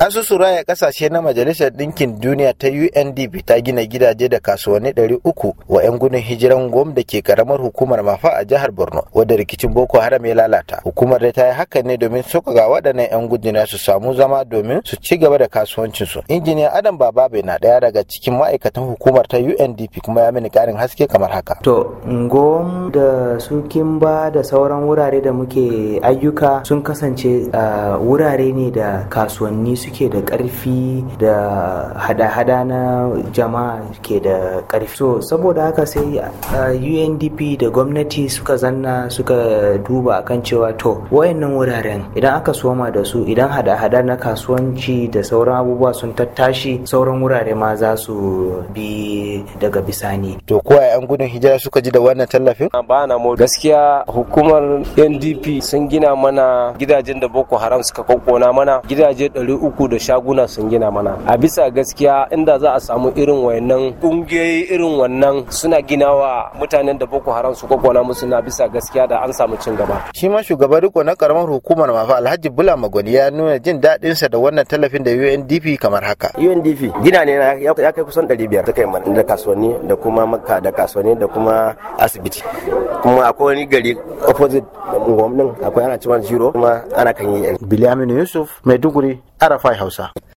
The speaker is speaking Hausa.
asusun raya kasashe na Majalisar Ɗinkin Duniya ta UNDP ta gina gidaje da kasuwanni ɗari uku wa 'yan gudun hijiran gwam da ke karamar hukumar Mafa a jihar Borno, wadda rikicin Boko Haram ya lalata. Hukumar da ta yi hakan ne domin sauƙaƙa waɗannan 'yan gudun su samu zama domin su ci gaba da kasuwancinsu. Injiniya Adam Bababe na ɗaya daga cikin ma'aikatan hukumar ta UNDP kuma ya mini ƙarin haske kamar haka. To, Ngom da su Kimba da sauran wurare da muke ayyuka sun kasance ah, wurare ne da kasuwanni su suke da karfi da hada-hada na jama'a ke da karfi so saboda haka sai undp uh, da gwamnati suka zanna suka duba akan cewa to wayannan wuraren idan aka soma da su idan hada-hada na kasuwanci da sauran abubuwa sun tattashi sauran wurare ma za su bi daga bisani to ko yan gudun hijira suka ji da wannan tallafin ba na gaskiya hukumar ndp sun gina mana gidajen da boko haram suka kokona mana gidaje 300 uku da shaguna sun gina mana a bisa gaskiya inda za a samu irin wayannan kungiyoyi irin wannan suna ginawa mutanen da boko haram su kwakwana musu na bisa gaskiya da an samu cin gaba shi ma shugaba riko na karamar hukumar mafa alhaji bula magwani ya nuna jin daɗin sa da wannan tallafin da UNDP kamar haka UNDP gina ne ya kai kusan 500 ta kai mana da kasuwanni da kuma makka da kasuwanni da kuma asibiti kuma akwai wani gari opposite gwamnatin akwai ana cewa jiro kuma ana kan yi biliyamin yusuf maiduguri arafa 不好意